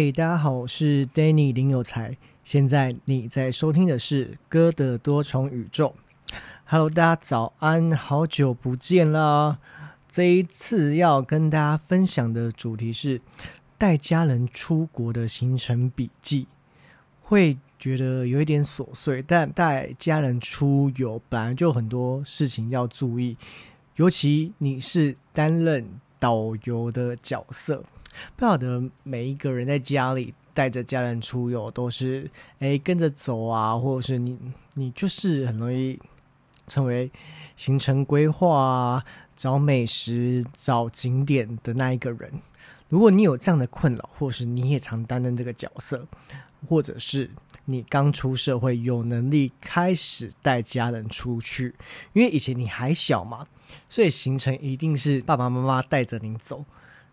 嘿，Hey，大家好，我是 Danny 林有才。現在你在收聽的是《歌的多重宇宙》。Hello，大家早安，好久不見啦！這一次要跟大家分享的主題是帶家人出國的行程筆記。會覺得有一點瑣碎，但帶家人出遊本來就很多事情要注意，尤其你是擔任導遊的角色。不曉得每一個人在家裡帶着家人出遊，都是哎、欸、跟着走啊，或者是你你就是很容易成為行程規劃啊，找美食、找景點的那一個人。如果你有這樣的困擾，或是你也常擔任這個角色，或者是你剛出社會，有能力開始帶家人出去，因為以前你還小嘛，所以行程一定是爸爸媽媽帶着你走。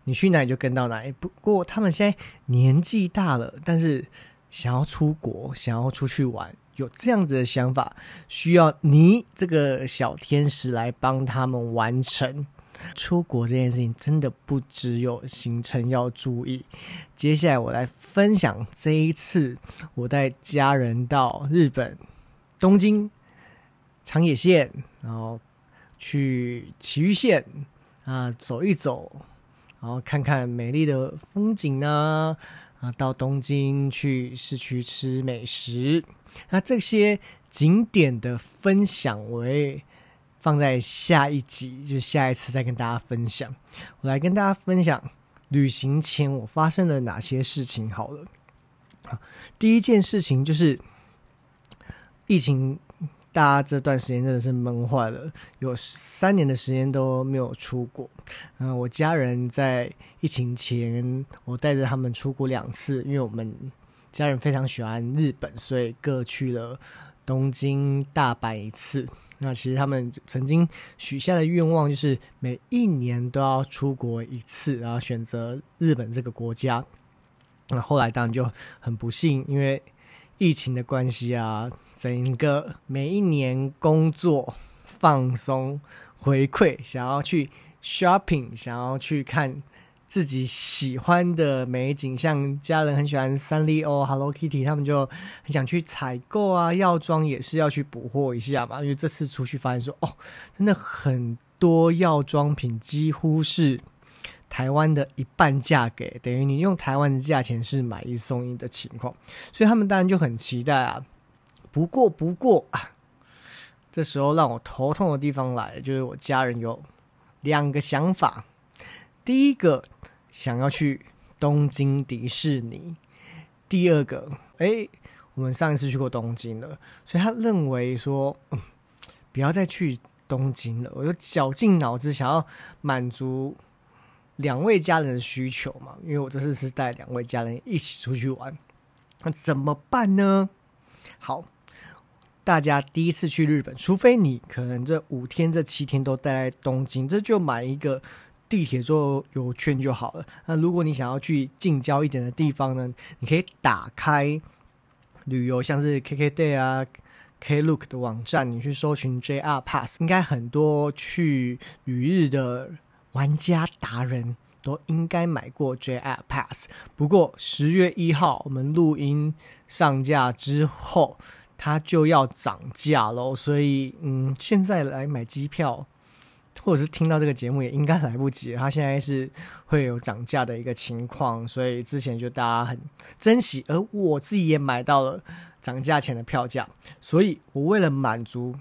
你去哪裡就跟到哪裡。不過他們現在年紀大了，但是想要出國，想要出去玩，有這樣子的想法，需要你這個小天使來幫他們完成。出國這件事情真的不只有行程要注意。接下來我來分享這一次我帶家人到日本東京長野縣，然後去埼玉縣啊走一走。然後看看美麗的風景呢，啊，到東京去市區吃美食，那這些景點的分享，我會放在下一集，就下一次再跟大家分享。我來跟大家分享，旅行前我發生了哪些事情。好了，第一件事情就是疫情。大家這段時間真的是悶壞了，有三年的時間都沒有出國。嗯，我家人在疫情前，我帶着他們出國兩次，因為我們家人非常喜歡日本，所以各去了東京、大阪一次。那其實他們曾經許下的願望就是每一年都要出國一次，然後選擇日本這個國家。那後來當然就很不幸，因為疫情的關係啊。整個每一年工作放鬆回饋，想要去 shopping，想要去看自己喜歡的美景，像家人很喜歡三麗鷗、Hello Kitty，他們就很想去採購啊，藥妝也是要去補貨一下嘛，因為這次出去發現說，哦，真的很多藥妝品幾乎是台灣的一半價格，等於你用台灣的價錢是買一送一的情況，所以他們當然就很期待啊。不過不過、啊，這時候讓我頭痛的地方來了，就是我家人有兩個想法。第一個想要去東京迪士尼，第二個，哎、欸，我們上一次去過東京了，所以他認為說、嗯、不要再去東京了。我就絞盡腦汁想要滿足兩位家人的需求嘛，因為我這次是帶兩位家人一起出去玩，那怎麼辦呢？好。大家第一次去日本，除非你可能這五天、這七天都待在東京，這就買一個地鐵坐遊券就好了。那如果你想要去近郊一點的地方呢，你可以打開旅遊，像是 KKday 啊、Klook 的網站，你去搜尋 JR Pass。應該很多去旅日的玩家達人都應該買過 JR Pass。不過十月一號我們錄音上架之後。它就要漲價咯，所以嗯，現在來買機票，或者是聽到這個節目也應該來不及。它現在是會有漲價的一個情況，所以之前就大家很珍惜，而我自己也買到了漲價前的票價。所以我為了滿足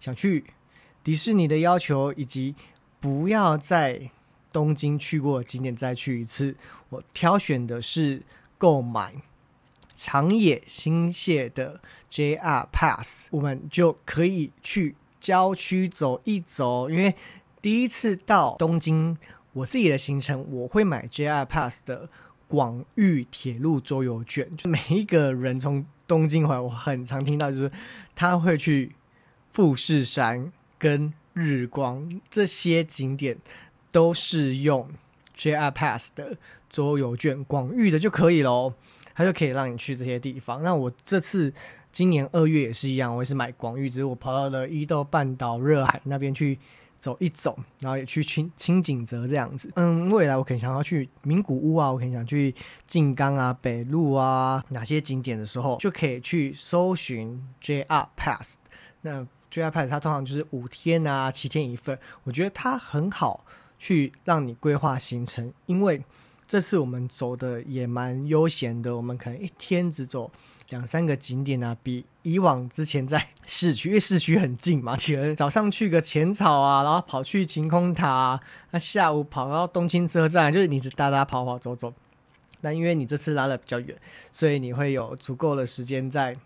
想去迪士尼的要求，以及不要在東京去過景點再去一次，我挑選的是購買。長野新潟的 JR Pass，我們就可以去郊區走一走。因為第一次到東京，我自己的行程我會買 JR Pass 的廣域鐵路周遊券。就每一個人從東京回來，我很常聽到就是他會去富士山跟日光這些景點，都是用 JR Pass 的周遊券廣域的就可以嘍。他就可以讓你去這些地方。那我這次今年二月也是一樣，我也是買廣域，只是我跑到了伊豆半島、熱海那邊去走一走，然後也去輕、輕井澤這樣子。嗯，未來我可能想要去名古屋啊，我可能想去靜岡啊、北陸啊哪些景點的時候，就可以去搜尋 JR Pass。那 JR Pass 它通常就是五天啊、七天一份，我覺得它很好去讓你規劃行程，因為。這次我們走的也蠻悠閒的，我們可能一天只走兩三個景點啊，比以往之前在市區，因為市區很近嘛，其實早上去個淺草啊，然後跑去晴空塔啊，那下午跑到東京車站，就是你直噠噠跑跑走走。那因為你這次拉的比較遠，所以你會有足夠的時間在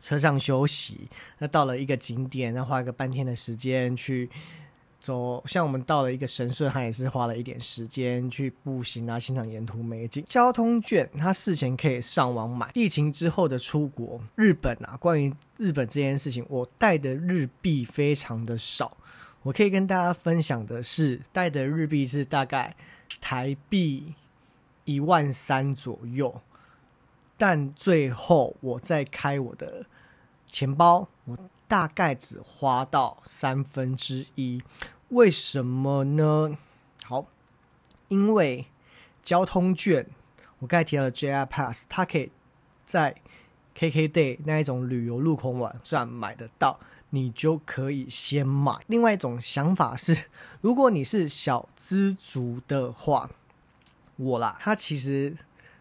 車上休息。那到了一個景點，那花個半天的時間去。走，像我們到了一個神社，他也是花了一點時間去步行啊，欣賞沿途美景。交通券，他事前可以上網買。疫情之後的出國，日本啊，關於日本這件事情，我帶的日幣非常的少。我可以跟大家分享的是，帶的日幣是大概台幣一萬三左右。但最後，我再開我的錢包，我。大概只花到三分之一，為什麼呢？好，因為交通券，我剛才提到的 JR Pass，它可以在 KK Day 那一種旅遊入口網站買得到，你就可以先買。另外一種想法是，如果你是小資族的話，我啦，他其實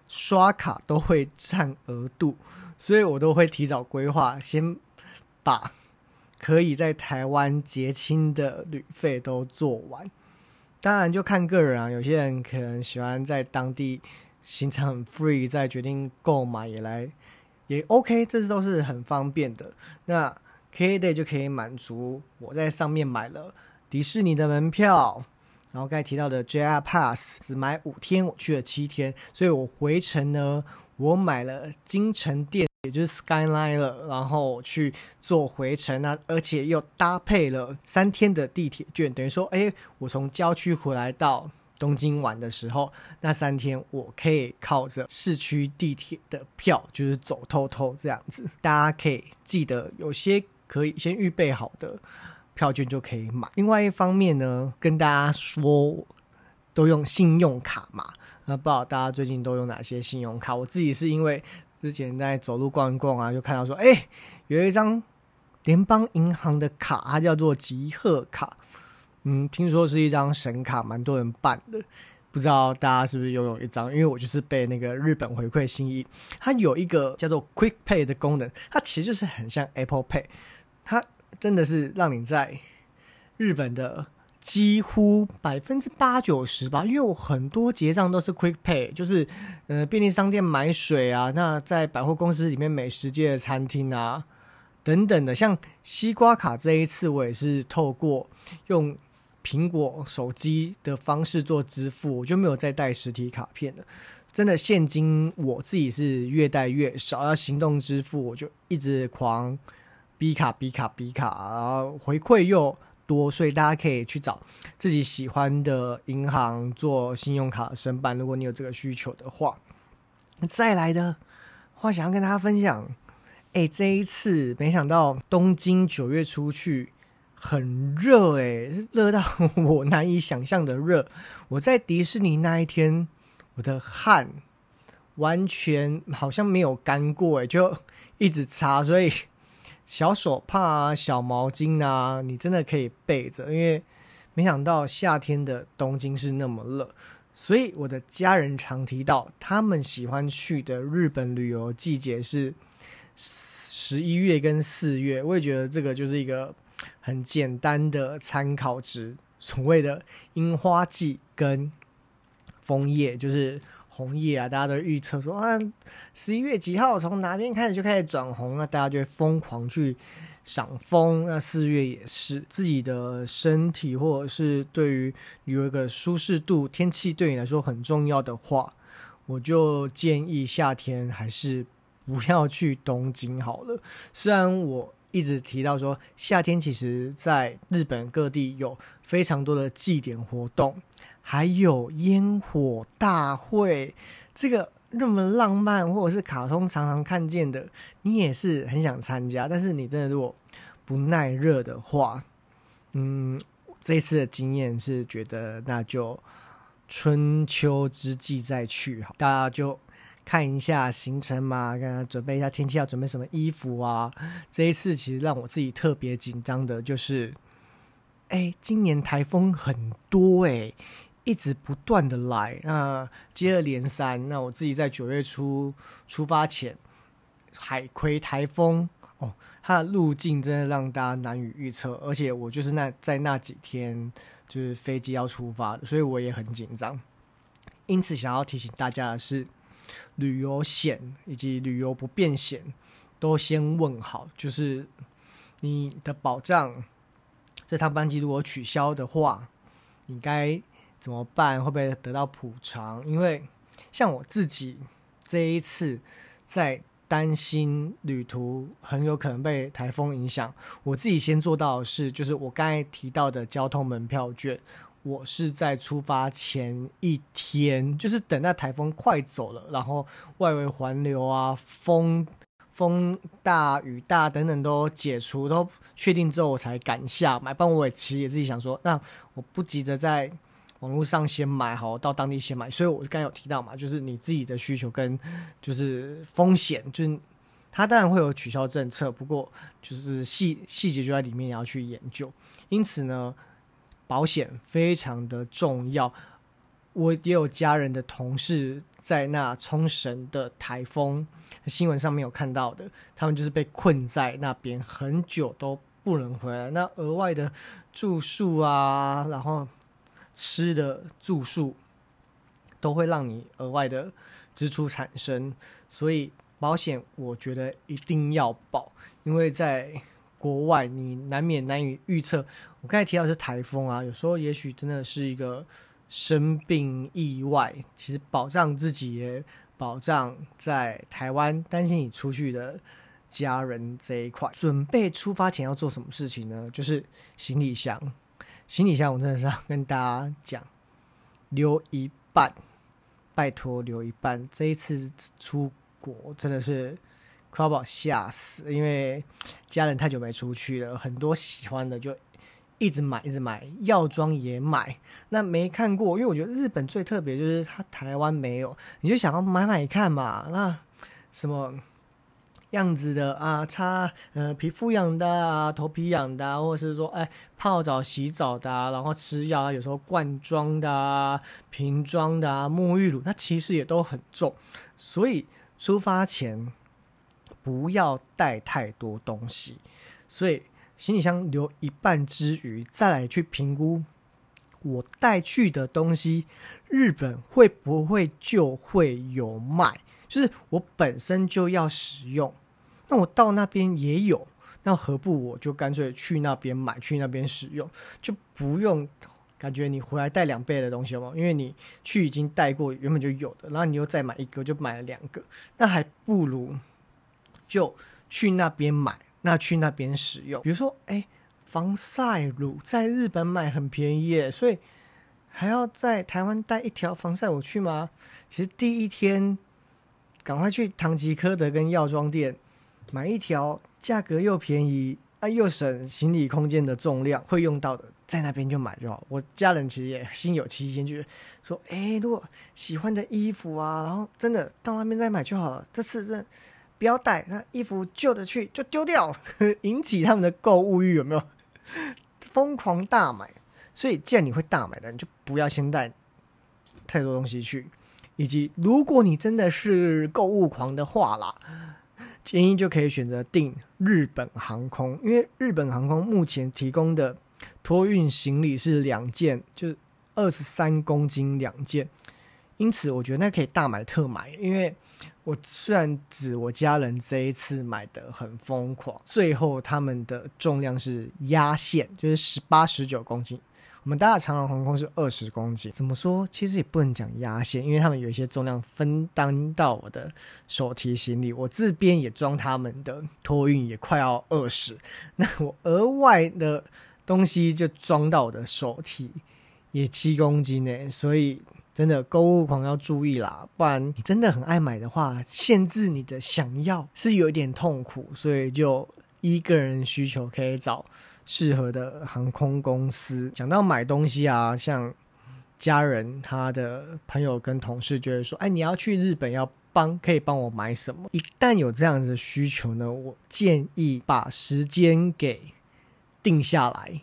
刷卡都會占額度，所以我都會提早規劃先。把可以在台灣結清的旅費都做完，當然就看個人啊。有些人可能喜歡在當地行程很 free，再決定購買也來也 OK，這些都是很方便的。那 KKday 就可以滿足，我在上面買了迪士尼的門票，然後剛才提到的 JR PASS 只買五天，我去了七天，所以我回程呢，我買了京成電。也就是 Skyline 了，然後去做回程那、啊、而且又搭配了三天的地鐵券，等於說，誒，我從郊區回來到東京玩的時候，那三天我可以靠着市區地鐵的票，就是走透透這樣子。大家可以記得，有些可以先預備好的票券就可以買。另外一方面呢，跟大家說，都用信用卡嘛，那不知道大家最近都用哪些信用卡？我自己是因為。之前在走路逛一逛啊，就看到說，哎、欸，有一張聯邦銀行的卡，它叫做吉鶴卡。嗯，聽說是一張神卡，蠻多人辦的。不知道大家是不是擁有,有一張？因為我就是被那個日本回饋心意，它有一個叫做 Quick Pay 的功能，它其實就是很像 Apple Pay，它真的是讓你在日本的。幾乎百分之八九十吧，因為我很多結賬都是 Quick Pay，就是，嗯，呃，便利商店買水啊，那在百貨公司裡面美食街的餐廳啊，等等的，像西瓜卡這一次我也是透過用蘋果手機的方式做支付，我就沒有再帶實體卡片了。真的，現金我自己是越帶越少，要行動支付我就一直狂逼卡逼卡逼卡，然後回饋又多，所以大家可以去找自己喜歡的銀行做信用卡申辦。如果你有這個需求的話，再來的話，我想要跟大家分享。哎、欸，這一次沒想到東京九月初去很熱、欸，哎，熱到我難以想象的熱。我在迪士尼那一天，我的汗完全好像沒有乾過、欸，哎，就一直擦，所以。小手帕啊，小毛巾啊，你真的可以備着，因為沒想到夏天的東京是那麼熱。所以我的家人常提到，他們喜歡去的日本旅遊季節是十一月跟四月。我也覺得這個就是一個很簡單的參考值，所謂的櫻花季跟楓葉就是。紅葉啊，大家都預測說啊，十一月幾號從哪邊開始就開始轉紅，那大家就會瘋狂去賞楓。那四月也是，自己的身體或者是對於有一個舒適度，天氣對你來說很重要的話，我就建議夏天還是不要去東京好了。雖然我一直提到說夏天其實在日本各地有非常多的祭典活動。還有煙火大會，這個那麼浪漫，或者是卡通常常看見的，你也是很想參加。但是你真的如果不耐熱的話，嗯，這次的經驗是覺得那就春秋之際再去好。大家就看一下行程嘛，跟準備一下天氣要準備什麼衣服啊。這一次其實讓我自己特別緊張的就是，哎，今年台風很多哎、欸。一直不斷的來，那接二連三。那我自己在九月初出發前，海葵台風，哦，它的路徑真的讓大家難以預測。而且我就是那在那幾天，就是飛機要出發，所以我也很緊張。因此，想要提醒大家的是，旅遊險以及旅遊不便險都先問好，就是你的保障。這趟班機如果取消的話，你該。怎麼辦？會不會得到補償？因為像我自己這一次在擔心旅途很有可能被台風影響，我自己先做到的事就是我剛才提到的交通門票券，我是在出發前一天，就是等到台風快走了，然後外圍環流啊、風風大、雨大等等都解除都確定之後，我才敢下買。但我也其實也自己想說，那我不急着在，網絡上先買好，到當地先買。所以，我剛才有提到嘛，就是你自己的需求跟就是風險，就是他當然會有取消政策，不過就是細細節就在裡面，也要去研究。因此呢，保險非常的重要。我也有家人的同事在那沖繩的台風新聞上面有看到的，他們就是被困在那邊很久都不能回來，那額外的住宿啊，然後。吃的住宿都會讓你額外的支出產生，所以保險我覺得一定要保，因為在國外你難免難以預測。我剛才提到的是台風啊，有時候也許真的是一個生病意外，其實保障自己也保障在台灣，擔心你出去的家人這一塊。準備出發前要做什麼事情呢？就是行李箱。行李箱，我真的是要跟大家講，留一半，拜託留一半。這一次出國真的是，快要把我嚇死，因為家人太久沒出去了，很多喜歡的就一直買，一直買，藥妝也買。那沒看過，因為我覺得日本最特別就是它，台灣沒有，你就想要買買看嘛。那什麼？這樣子的啊，擦呃皮膚癢的啊，頭皮癢的，啊，或者是說哎、欸、泡澡洗澡的，啊，然後吃藥，啊，有時候罐裝的啊，瓶裝的啊，沐浴乳，它其實也都很重，所以出發前不要帶太多東西，所以行李箱留一半之餘，再來去評估我帶去的東西，日本會不會就會有賣，就是我本身就要使用。那我到那邊也有，那何不我就乾脆去那邊買，去那邊使用，就不用感覺你回來帶兩倍的東西嗎？因為你去已經帶過原本就有的，然後你又再買一個，就買了兩個，那還不如就去那邊買，那去那邊使用。比如說，哎、欸，防曬乳在日本買很便宜耶，所以還要在台灣帶一條防曬我去嗎？其實第一天趕快去唐吉訶德跟藥妝店。買一條價格又便宜，啊，又省行李空間的重量，會用到的在那邊就買就好。我家人其實也心有戚戚焉，說，哎、欸，如果喜歡的衣服啊，然後真的到那邊再買就好了。這次真不要帶，那衣服舊的去就丟掉呵呵，引起他們的購物慾有沒有？瘋 狂大買，所以既然你會大買的，你就不要先帶太多東西去。以及，如果你真的是購物狂的話啦。建議就可以選擇訂日本航空，因為日本航空目前提供的托運行李是兩件，就是二十三公斤兩件，因此我覺得那可以大買特買，因為我雖然指我家人這一次買得很瘋狂，最後他們的重量是壓線，就是十八十九公斤。我們搭長榮航空是二十公斤，怎麼說？其實也不能講壓線，因為他們有一些重量分擔到我的手提行李，我這邊也裝他們的，托運也快要二十，那我額外的東西就裝到我的手提也七公斤呢、欸。所以真的購物狂要注意啦，不然你真的很愛買的話，限制你的想要是有點痛苦，所以就依個人需求可以找。適合的航空公司。講到買東西啊，像家人、他的朋友跟同事，覺得說：“哎，你要去日本，要幫可以幫我買什麼？”一旦有這樣子的需求呢，我建議把時間給定下來。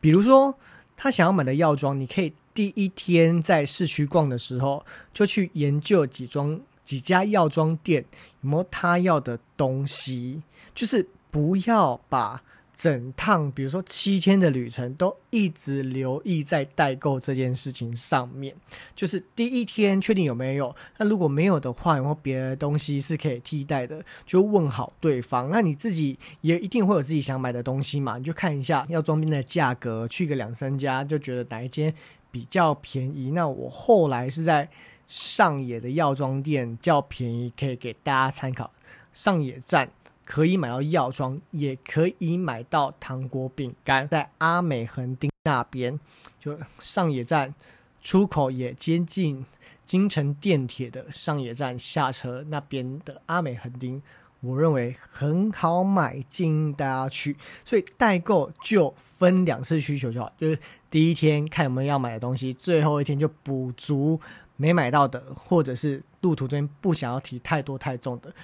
比如說，他想要買的藥妝，你可以第一天在市區逛的時候，就去研究幾裝幾家藥妝店有沒有他要的東西，就是不要把。整趟，比如說七天的旅程，都一直留意在代購這件事情上面。就是第一天確定有沒有，那如果沒有的話，然後別的東西是可以替代的，就問好對方。那你自己也一定會有自己想買的東西嘛，你就看一下藥妝店的價格，去個兩三家，就覺得哪一間比較便宜。那我後來是在上野的藥妝店較便宜，可以給大家參考。上野站。可以買到藥妝，也可以買到糖果、餅乾，在阿美橫丁那邊，就上野站出口也接近京成電鐵的上野站下車那邊的阿美橫丁，我認為很好買，建議大家去。所以代購就分兩次需求就好，就是第一天看有沒有要買的東西，最後一天就補足沒買到的，或者是路途中不想要提太多太重的，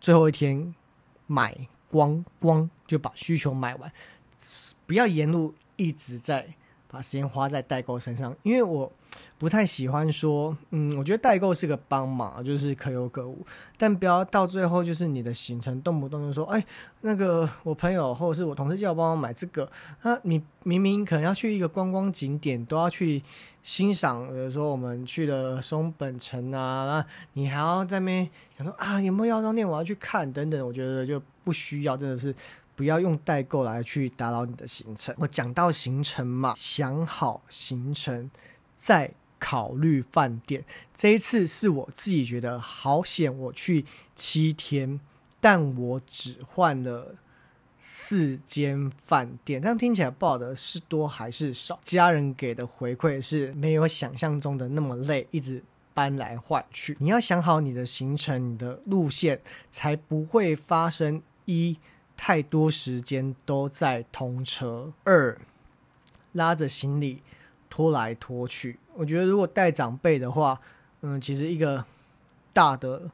最後一天。買光光就把需求買完，不要沿路一直在，把時間花在代購身上，因為我不太喜歡說，嗯，我覺得代購是個幫忙，就是可有可無，但不要到最後就是你的行程動不動就說，哎、欸，那個我朋友或者是我同事叫我幫我買這個，那、啊、你明明可能要去一個觀光景點，都要去欣賞，比如說我們去了松本城啊，那你還要在那邊想說，啊，有沒有藥妝店我要去看等等，我覺得就不需要，真的是。不要用代購來去打擾你的行程。我講到行程嘛，想好行程再考慮飯店。這一次是我自己覺得好險，我去七天，但我只換了四間飯店，這樣聽起來不曉得是多還是少。家人給的回饋是沒有想象中的那麼累，一直搬來換去。你要想好你的行程，你的路線，才不會發生一。太多時間都在通車，二拉着行李拖來拖去。我覺得如果帶長輩的話，嗯，其實一個大的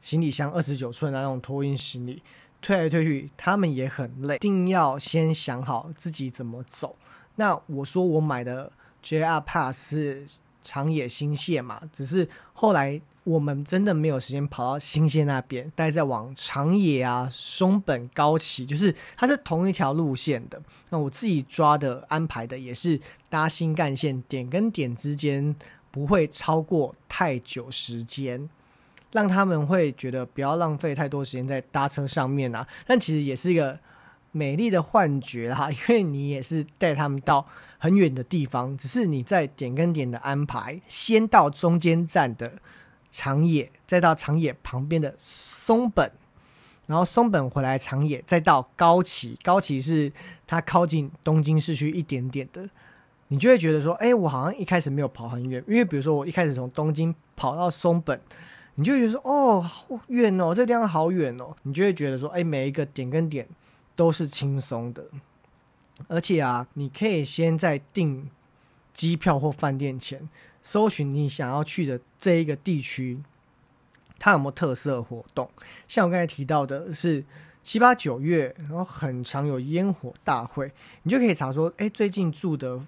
行李箱，二十九寸那種托運行李，推來推去，他們也很累。一定要先想好自己怎麼走。那我說我買的 JR Pass 是長野新線嘛，只是後來。我們真的沒有時間跑到新線那邊，待在往長野啊、松本、高崎，就是它是同一條路線的。那我自己抓的安排的也是搭新幹線，點跟點之間不會超過太久時間，讓他們會覺得不要浪費太多時間在搭車上面啊。但其實也是一個美麗的幻覺啦，因為你也是帶他們到很遠的地方，只是你在點跟點的安排，先到中間站的。長野，再到長野旁邊的松本，然後松本回來，長野，再到高崎。高崎是它靠近東京市區一點點的，你就會覺得說，欸，我好像一開始沒有跑很遠，因為比如說我一開始從東京跑到松本，你就會覺得說哦，好遠哦，這個地方好遠哦，你就會覺得說，欸，每一個點跟點都是輕鬆的，而且啊，你可以先在訂機票或飯店前。搜尋你想要去的這一個地區，它有沒有特色活動？像我剛才提到的是七八九月然後很常有煙火大會，你就可以查說，哎、欸，最近住的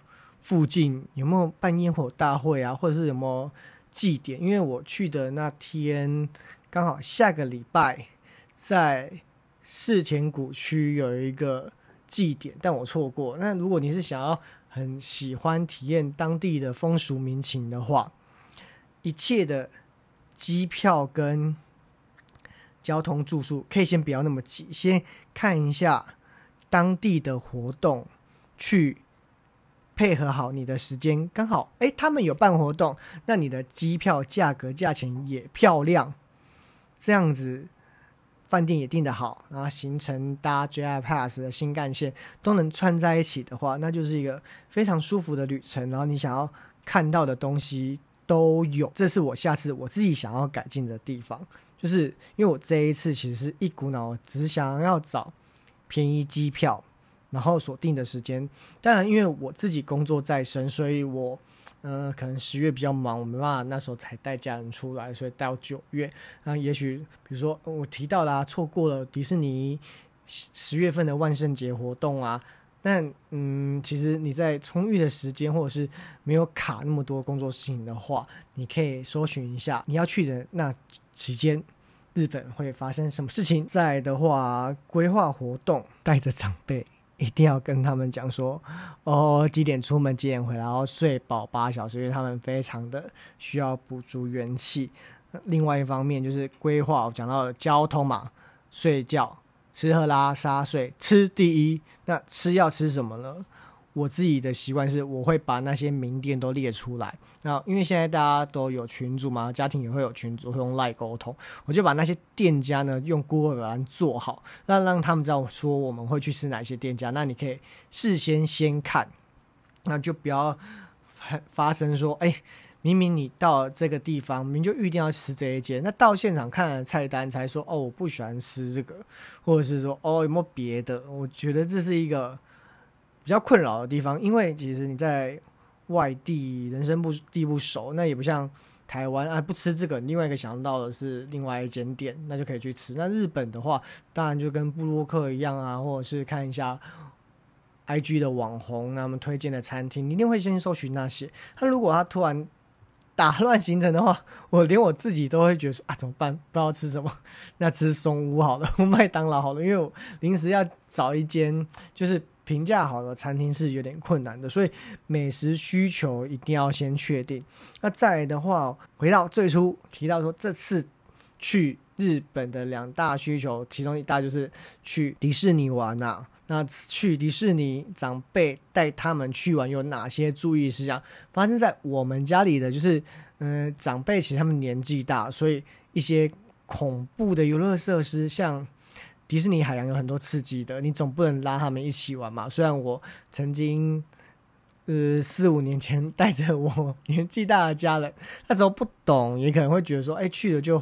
附近有沒有辦煙火大會啊，或者是什麼祭典？因為我去的那天剛好下個禮拜在世田谷區有一個祭典，但我錯過。那如果你是想要，很喜歡體驗當地的風俗民情的話，一切的機票跟交通住宿可以先不要那麼急，先看一下當地的活動，去配合好你的時間。剛好，誒，他們有辦活動，那你的機票價格價錢也漂亮，這樣子。飯店也訂得好，然後行程搭 JR Pass 的新幹線都能串在一起的話，那就是一個非常舒服的旅程。然後你想要看到的東西都有，這是我下次我自己想要改進的地方，就是因為我這一次其實是一股腦只想要找便宜機票，然後鎖定的時間。當然，因為我自己工作在身，所以我。呃，可能十月比較忙，我沒辦法那時候才帶家人出來，所以到九月，然後、啊、也許比如說我提到啦、啊，錯過了迪士尼十十月份的萬聖節活動啊，但嗯，其實你在充裕的時間或者是沒有卡那麼多工作事情的話，你可以搜尋一下你要去的那期間日本會發生什麼事情，在的話規劃活動，帶着長輩。一定要跟他們講說，哦，幾點出門，幾點回來，然後睡飽八小時，因為他們非常的需要補足元氣。另外一方面就是規劃，我講到了交通嘛，睡覺、吃喝拉撒睡，吃第一，那吃要吃什麼呢？我自己的習慣是，我會把那些名店都列出來。那因為現在大家都有群組嘛，家庭也會有群組，會用賴溝通。我就把那些店家呢，用 Google 表單做好，那讓他們知道說，我們會去吃哪些店家。那你可以事先先看，那就不要發發生說，誒、欸，明明你到了這個地方，明明就預定要吃這一間，那到現場看了菜單才說，哦，我不喜歡吃這個，或者是說，哦，有沒有別的？我覺得這是一個。比較困擾的地方，因為其實你在外地人生不地不熟，那也不像台灣啊不吃這個。另外一個想到的是另外一間店，那就可以去吃。那日本的話，當然就跟部落客一樣啊，或者是看一下 IG 的網紅、啊、他們推薦的餐廳，你一定會先搜尋那些。他如果他突然打亂行程的話，我連我自己都會覺得說啊怎麼辦？不知道吃什麼？那吃松屋好了，麥當勞好了，因為我臨時要找一間就是。評價好的餐廳是有點困難的，所以美食需求一定要先確定。那再的話，回到最初提到說這次去日本的兩大需求，其中一大就是去迪士尼玩吶、啊。那去迪士尼，長輩帶他們去玩有哪些注意事項？發生在我們家裡的就是，嗯、呃，長輩其實他們年紀大，所以一些恐怖的遊樂設施，像。迪士尼海洋有很多刺激的，你總不能拉他們一起玩嘛。雖然我曾經，呃，四五年前帶着我年紀大的家人，那時候不懂，也可能會覺得說，哎、欸，去了就，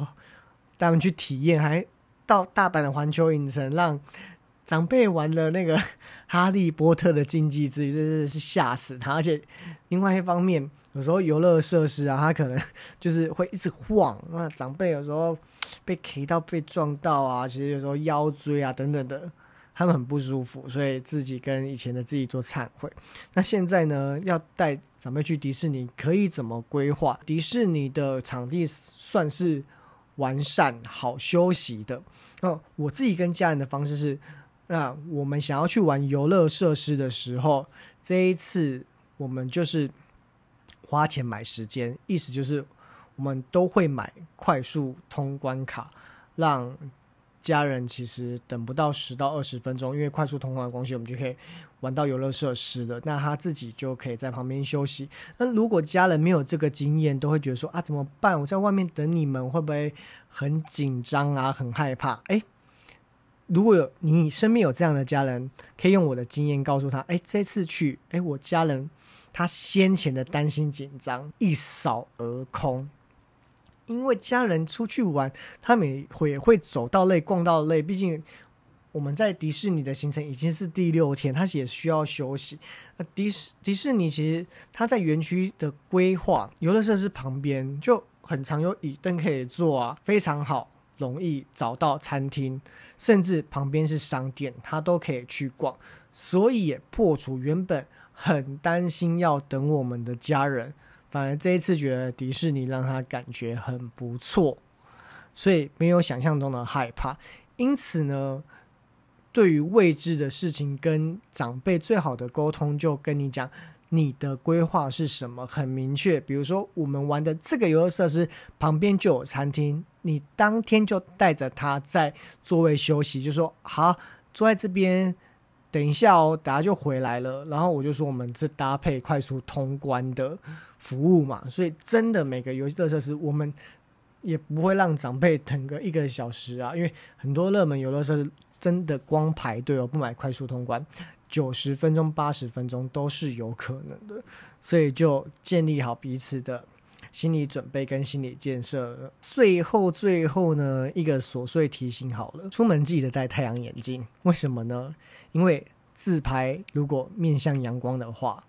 帶他們去體驗，還到大阪的環球影城讓。長輩玩了那個《哈利波特》的禁忌之旅，真的是嚇死他。而且另外一方面，有時候遊樂設施啊，他可能就是會一直晃。那長輩有時候被 K 到、被撞到啊，其實有時候腰椎啊等等的，他們很不舒服，所以自己跟以前的自己做懺悔。那現在呢，要帶長輩去迪士尼，可以怎麼規劃？迪士尼的場地算是完善、好休息的。那、哦、我自己跟家人的方式是。那我們想要去玩遊樂設施的時候，這一次我們就是花錢買時間，意思就是我們都會買快速通關卡，讓家人其實等不到十到二十分鐘，因為快速通關的東西，我們就可以玩到遊樂設施了。那他自己就可以在旁邊休息。那如果家人沒有這個經驗，都會覺得說啊怎麼辦？我在外面等你們會不會很緊張啊，很害怕？哎。如果有你身邊有這樣的家人，可以用我的經驗告訴他，哎，這次去，哎，我家人他先前的擔心緊張一掃而空，因為家人出去玩，他每回會走到累，逛到累。畢竟我們在迪士尼的行程已經是第六天，他也需要休息。那、呃、迪士迪士尼其實他在園區的規劃，遊樂設施旁邊就很常有椅凳可以坐啊，非常好。容易找到餐廳，甚至旁邊是商店，他都可以去逛，所以也破除原本很擔心要等我們的家人，反而這一次覺得迪士尼讓他感覺很不錯，所以沒有想象中的害怕。因此呢，對於未知的事情，跟長輩最好的溝通就跟你講。你的規劃是什麼？很明確，比如說我們玩的這個遊樂設施旁邊就有餐廳，你當天就帶着他在座位休息，就說好坐在這邊，等一下哦，等下就回來了。然後我就說我們是搭配快速通關的服務嘛，所以真的每個遊樂設施我們也不會讓長輩等個一個小時啊，因為很多熱門遊樂設施真的光排隊哦，不買快速通關。九十分鐘、八十分鐘都是有可能的，所以就建立好彼此的心理準備跟心理建設了。最後，最後呢，一個瑣碎提醒好了，出門記得戴太陽眼鏡。為什麼呢？因為自拍如果面向陽光的話，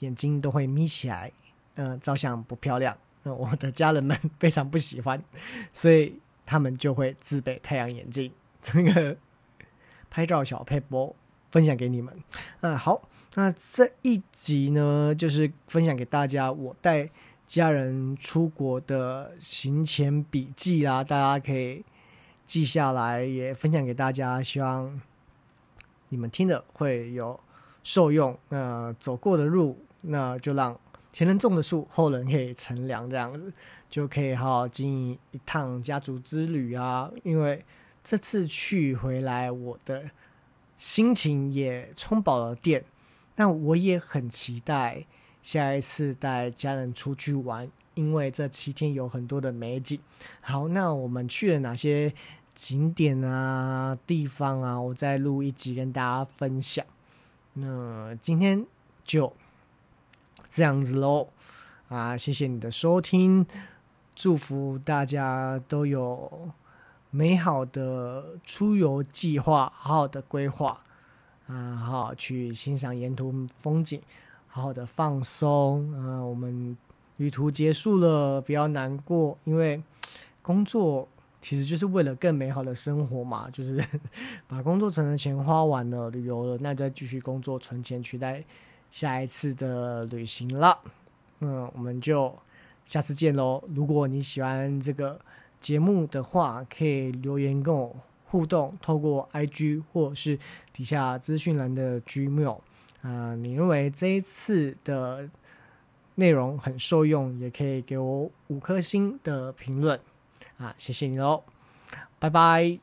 眼睛都會眯起來，嗯、呃，照相不漂亮。那、呃、我的家人們非常不喜歡，所以他們就會自備太陽眼鏡，這個拍照小撇步，分享給你們、嗯，好，那這一集呢，就是分享給大家我帶家人出國的行前筆記啦、啊，大家可以記下來，也分享給大家，希望你們聽的會有受用。那、呃、走過的路，那就讓前人種的樹，後人可以乘涼，這樣子就可以好好經營一趟家族之旅啊。因為這次去回來，我的。心情也充飽了電，那我也很期待下一次帶家人出去玩，因為這七天有很多的美景。好，那我們去了哪些景點啊、地方啊？我再錄一集跟大家分享。那今天就這樣子咯。啊，謝謝你的收聽，祝福大家都有美好的出遊計劃，好好的規劃，啊、嗯，好好去欣賞沿途風景，好好的放鬆。啊、嗯，我們旅途結束了，不要難過，因為工作其實就是為了更美好的生活嘛，就是 把工作存的錢花完了，旅遊了，那就再繼續工作存錢，取代下一次的旅行了。嗯，我們就下次見嘍。如果你喜歡這個。節目的話，可以留言跟我互動，透過 IG 或是底下資訊欄的 Gmail 啊，呃。你認為這一次的內容很受用，也可以給我五顆星的評論啊，謝謝你哦，拜拜。